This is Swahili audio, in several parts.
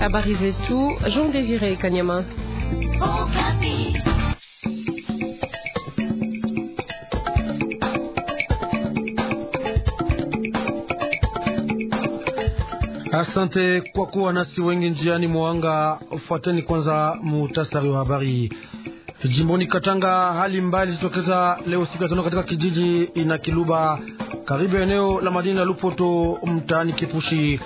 Habari zetu Jean Désiré Kanyama. Asante kwa kuwa nasi wengi njiani mwanga. Fuateni kwanza muhtasari wa habari. Jimboni Katanga, hali mbaya ilijitokeza leo siku ya tano katika kijiji ina Kiluba karibu eneo la madini la Lupoto mtaani Kipushi.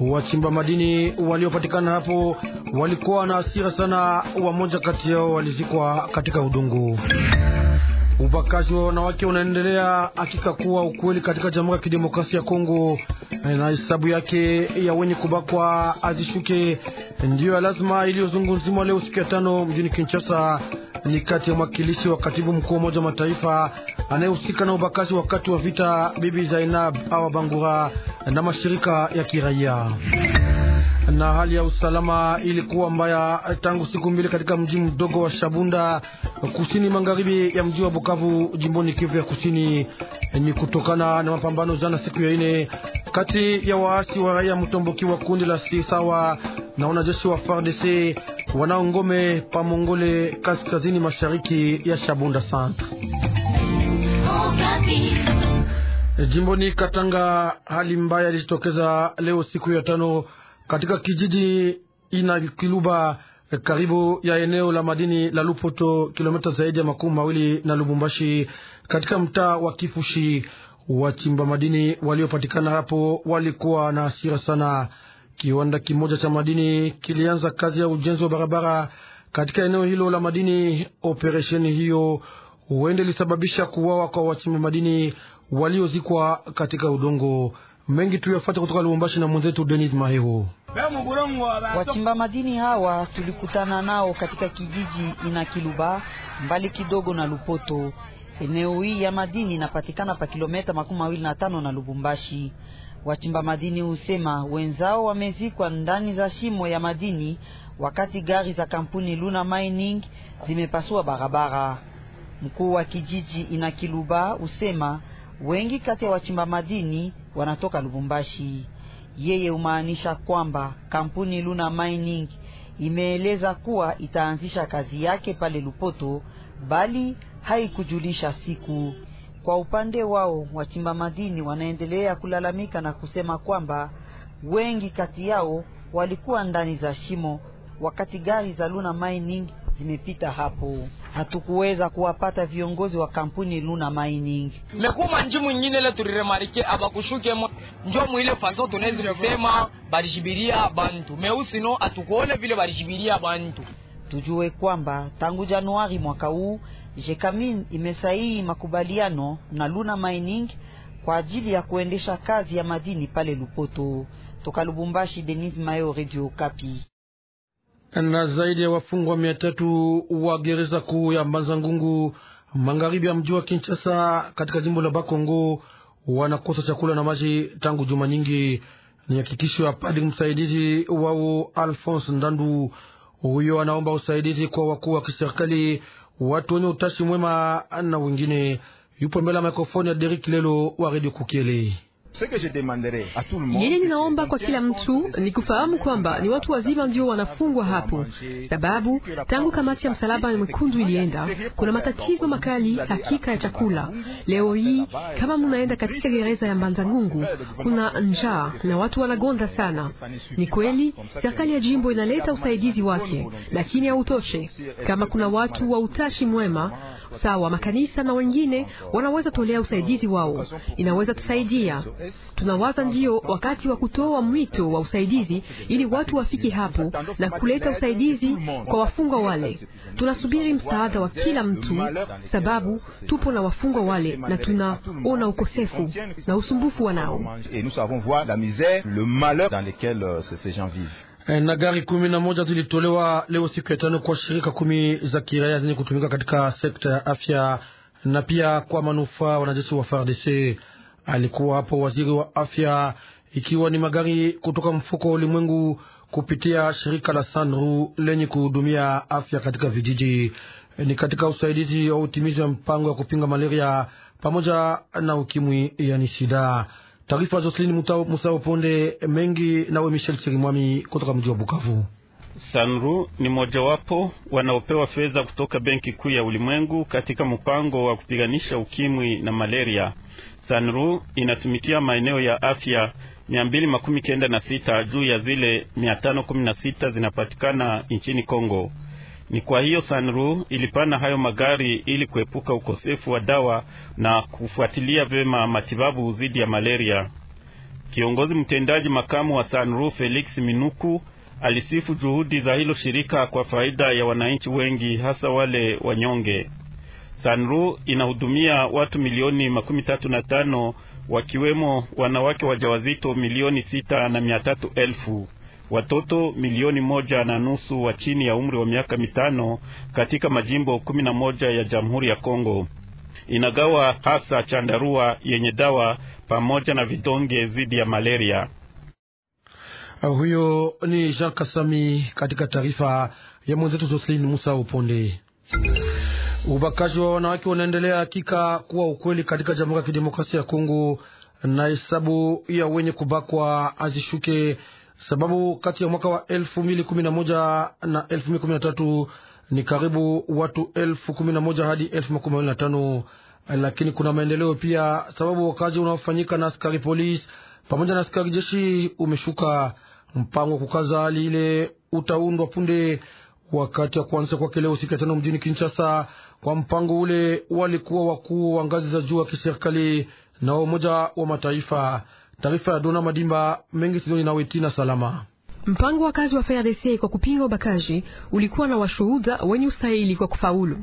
Wachimba madini waliopatikana hapo walikuwa na hasira sana, wamoja kati yao walizikwa katika udungu Ubakaji wa wanawake unaendelea hakika kuwa ukweli katika Jamhuri ya Kidemokrasia ya Kongo, na hesabu yake ya wenye kubakwa azishuke ndiyo ya lazima iliyozungumziwa leo siku ya tano mjini Kinshasa, ni kati ya mwakilishi wa katibu mkuu wa Umoja wa Mataifa anayehusika na ubakazi wakati wa vita, Bibi Zainab Awa Bangura na mashirika ya kiraia. Na hali ya usalama ilikuwa mbaya tangu siku mbili katika mji mdogo wa Shabunda kusini magharibi ya mji wa Bukavu jimboni Kivu ya Kusini. Ni kutokana na mapambano jana siku ya ine kati ya waasi wa raia mtomboki wa kundi la Sisawa na wanajeshi wa FARDC wanaongome pa Mongole kaskazini mashariki ya Shabunda centre. Jimboni Katanga, hali mbaya ilijitokeza leo siku ya tano katika kijiji ina Kiluba karibu ya eneo la madini la Lupoto, kilomita zaidi ya makumi mawili na Lubumbashi, katika mtaa wa Kifushi. Wachimba madini waliopatikana hapo walikuwa na hasira sana. Kiwanda kimoja cha madini kilianza kazi ya ujenzi wa barabara katika eneo hilo la madini. Operesheni hiyo huende lisababisha kuwawa kwa wachimba madini waliozikwa katika udongo. Mengi tuyafate kutoka Lubumbashi na mwenzetu Denis Maheo. Wachimba madini hawa tulikutana nao katika kijiji ina Kiluba, mbali kidogo na Lupoto. Eneo hii ya madini inapatikana pa kilometa makumi mawili na tano na Lubumbashi. Wachimba madini husema wenzao wamezikwa ndani za shimo ya madini, wakati gari za kampuni Luna Mining zimepasua barabara. Mkuu wa kijiji Kiluba usema wengi kati ya wachimba madini wanatoka Lubumbashi. Yeye umaanisha kwamba kampuni Luna Mining imeeleza kuwa itaanzisha kazi yake pale Lupoto, bali haikujulisha siku. Kwa upande wao, wachimba madini wanaendelea kulalamika na kusema kwamba wengi kati yao walikuwa ndani za shimo wakati gari za Luna Mining zimepita hapo, hatukuweza kuwapata viongozi wa kampuni Luna Mining mekuma nji mwingine ile turiremarike abakushuke njo mwile faso tunaweza kusema barishibiria bantu meusi no atukuone vile barishibiria bantu. Tujue kwamba tangu Januari mwaka huu Jekamin imesaini makubaliano na Luna Mining kwa ajili ya kuendesha kazi ya madini pale Lupoto. Toka Lubumbashi, Denis Mayo, Radio Kapi na zaidi ya wafungwa mia tatu wa gereza kuu ya Mbanza Ngungu magharibi ya mji wa Kinshasa katika jimbo la Bakongo wanakosa chakula na maji tangu juma nyingi. Ni hakikisho ya padri msaidizi wao Alphonse Ndandu. Huyo anaomba usaidizi kwa wakuu wa kiserikali, watu wenye utashi mwema na wengine. Yupo mbele ya mikrofoni ya Derek Lelo wa Radio Kukiele. Yeye ninaomba kwa kila mtu ni kufahamu kwamba ni watu wazima ndio wanafungwa hapo, sababu tangu kamati ya msalaba mwekundu ilienda, kuna matatizo makali hakika ya chakula. Leo hii kama munaenda katika gereza ya Mbanzangungu, kuna njaa na watu wanagonda sana. Ni kweli serikali ya jimbo inaleta usaidizi wake, lakini hautoshe. Kama kuna watu wa utashi mwema, sawa makanisa na wengine, wanaweza tolea usaidizi wao, inaweza tusaidia Tunawaza ndio wakati wa kutoa mwito wa usaidizi ili watu wafike hapo na kuleta usaidizi kwa wafungwa wale. Tunasubiri msaada wa kila mtu, sababu tupo na wafungwa wale na tunaona ukosefu na usumbufu wanao euh, eh, na gari kumi na moja zilitolewa leo siku ya tano kwa shirika kumi za kiraia zenye kutumika katika sekta ya afya na pia kwa manufaa wanajeshi wa FARDC alikuwa hapo waziri wa afya, ikiwa ni magari kutoka mfuko wa ulimwengu kupitia shirika la Sanru lenye kuhudumia afya katika vijiji. Ni katika usaidizi wa utimizi wa mpango ya kupinga malaria pamoja na ukimwi, yani sida. Taarifa joselin Musao Ponde mengi nawe Michel Chirimwami kutoka mji wa Bukavu. Sanru ni mojawapo wanaopewa fedha kutoka Benki Kuu ya Ulimwengu katika mpango wa kupiganisha ukimwi na malaria. Sanru inatumikia maeneo ya afya 296 juu ya zile 516 zinapatikana nchini Kongo. Ni kwa hiyo Sanru ilipana hayo magari ili kuepuka ukosefu wa dawa na kufuatilia vyema matibabu dhidi ya malaria. Kiongozi mtendaji makamu wa Sanru Felix Minuku Alisifu juhudi za hilo shirika kwa faida ya wananchi wengi, hasa wale wanyonge. Sanru inahudumia watu milioni makumi tatu na tano wakiwemo wanawake wajawazito milioni sita na mia tatu elfu watoto milioni moja na nusu wa chini ya umri wa miaka mitano katika majimbo kumi na moja ya Jamhuri ya Kongo. Inagawa hasa chandarua yenye dawa pamoja na vidonge dhidi ya malaria. Huyo ni Jean Kasami katika taarifa ya mwenzetu Jocelyn Musa Uponde. Ubakaji wa wanawake unaendelea hakika kuwa ukweli katika Jamhuri ya Kidemokrasia ya Kongo, na hesabu ya wenye kubakwa azishuke, sababu kati ya mwaka wa elfu mbili kumi na moja na elfu mbili kumi na tatu ni karibu watu elfu kumi na moja hadi elfu makumi mawili na tano lakini kuna maendeleo pia, sababu wakazi unaofanyika na askari polisi pamoja na askari jeshi umeshuka. Mpango wa kukaza hali ile utaundwa punde wakati wa kuanza kwake leo siku ya tano mjini Kinshasa. Kwa mpango ule walikuwa wakuu wa ngazi za juu ya kiserikali na wa Umoja wa Mataifa. Taarifa ya Dona Madimba mengi Sidoni na Wetina Salama. Mpango wa kazi wa FARDC kwa kupinga ubakaji ulikuwa na washuhuda wenye ustahili kwa kufaulu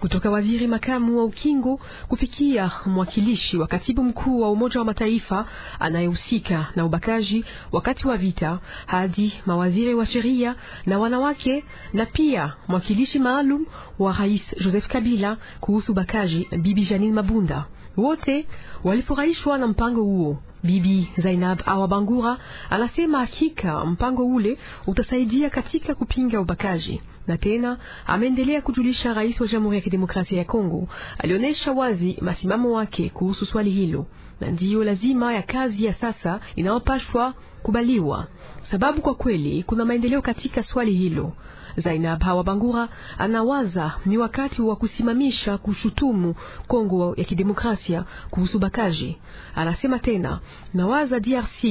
kutoka waziri makamu wa ukingo kufikia mwakilishi wa katibu mkuu wa Umoja wa Mataifa anayehusika na ubakaji wakati wa vita hadi mawaziri wa sheria na wanawake na pia mwakilishi maalum wa Rais Joseph Kabila kuhusu ubakaji Bibi Janine Mabunda. Wote walifurahishwa na mpango huo. Bibi Zainab Awabangura anasema hakika mpango ule utasaidia katika kupinga ubakaji na tena ameendelea kujulisha rais wa Jamhuri ya Kidemokrasia ya Kongo alionyesha wazi masimamo wake kuhusu swali hilo, na ndiyo lazima ya kazi ya sasa inayopashwa kubaliwa, sababu kwa kweli kuna maendeleo katika swali hilo. Zainab Hawa Bangura anawaza ni wakati wa kusimamisha kushutumu Kongo ya Kidemokrasia kuhusu bakaji. Anasema tena, nawaza DRC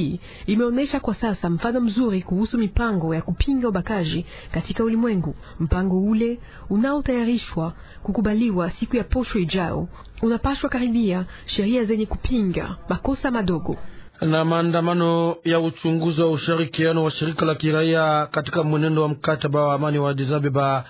imeonyesha kwa sasa mfano mzuri kuhusu mipango ya kupinga ubakaji katika ulimwengu. Mpango ule unaotayarishwa kukubaliwa siku ya posho ijayo unapashwa karibia sheria zenye kupinga makosa madogo na maandamano ya uchunguzi wa ushirikiano wa shirika la kiraia katika mwenendo wa mkataba wa amani wa Addis Ababa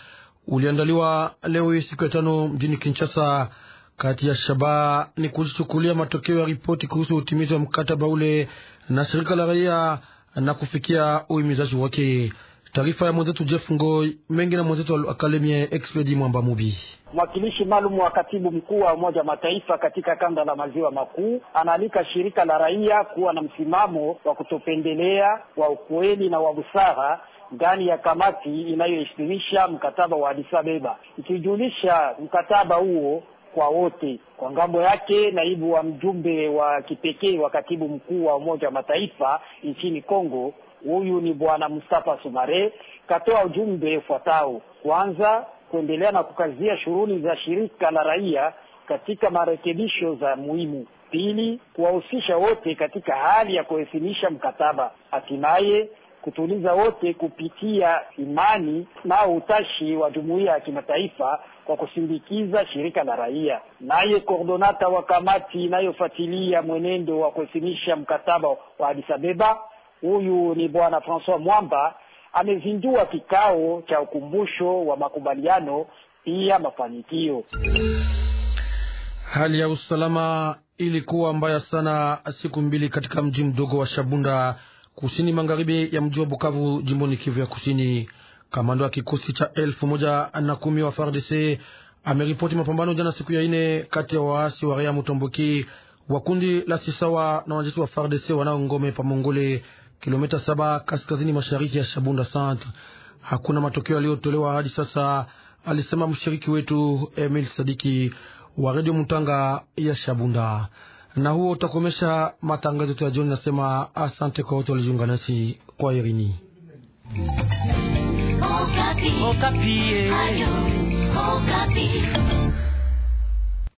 uliandaliwa leo hii siku ya tano mjini Kinshasa. Kati ya shabaha ni kuchukulia matokeo ya ripoti kuhusu utimizi wa mkataba ule na shirika la raia na kufikia uhimizaji wake. Taarifa ya mwenzetu Jeff Ngoi mengi na mwenzetu Akalemie Expedi Mwamba Mubi. Mwakilishi maalum wa katibu mkuu wa Umoja wa Mataifa katika kanda la maziwa makuu anaalika shirika la raia kuwa na msimamo wa kutopendelea, wa ukweli na wa busara ndani ya kamati inayoheshimisha mkataba wa Addis Ababa, ikijulisha mkataba huo kwa wote. Kwa ngambo yake, naibu wa mjumbe wa kipekee wa katibu mkuu wa Umoja wa Mataifa nchini Kongo huyu ni bwana Mustafa Sumare, katoa ujumbe ufuatao: kwanza, kuendelea na kukazia shughuli za shirika la raia katika marekebisho za muhimu; pili, kuwahusisha wote katika hali ya kuheshimisha mkataba; hatimaye kutuliza wote kupitia imani na utashi wa jumuiya ya kimataifa kwa kusindikiza shirika la raia. Naye kordonata wa kamati inayofuatilia mwenendo wa kuheshimisha mkataba wa Addis Ababa huyu ni bwana Francois Mwamba amezindua kikao cha ukumbusho wa makubaliano pia mafanikio. Hali ya usalama ilikuwa mbaya sana siku mbili katika mji mdogo wa Shabunda kusini magharibi ya mji wa Bukavu jimboni Kivu ya Kusini. Kamando ya kikosi cha elfu moja na kumi wa FARDC ameripoti mapambano jana siku ya ine kati ya waasi wa Rea Mutomboki wa kundi la Sisawa na wanajeshi wa FARDC wanao ngome pa Mongole kilomita saba kaskazini mashariki ya Shabunda Centre. Hakuna matokeo yaliyotolewa hadi sasa, alisema mshiriki wetu Emil Sadiki wa redio Mutanga ya Shabunda. Na huo utakomesha matangazo yetu ya jioni. Nasema asante kwa wote walijiunga nasi kwa irini Okapi. Okapi. Eh.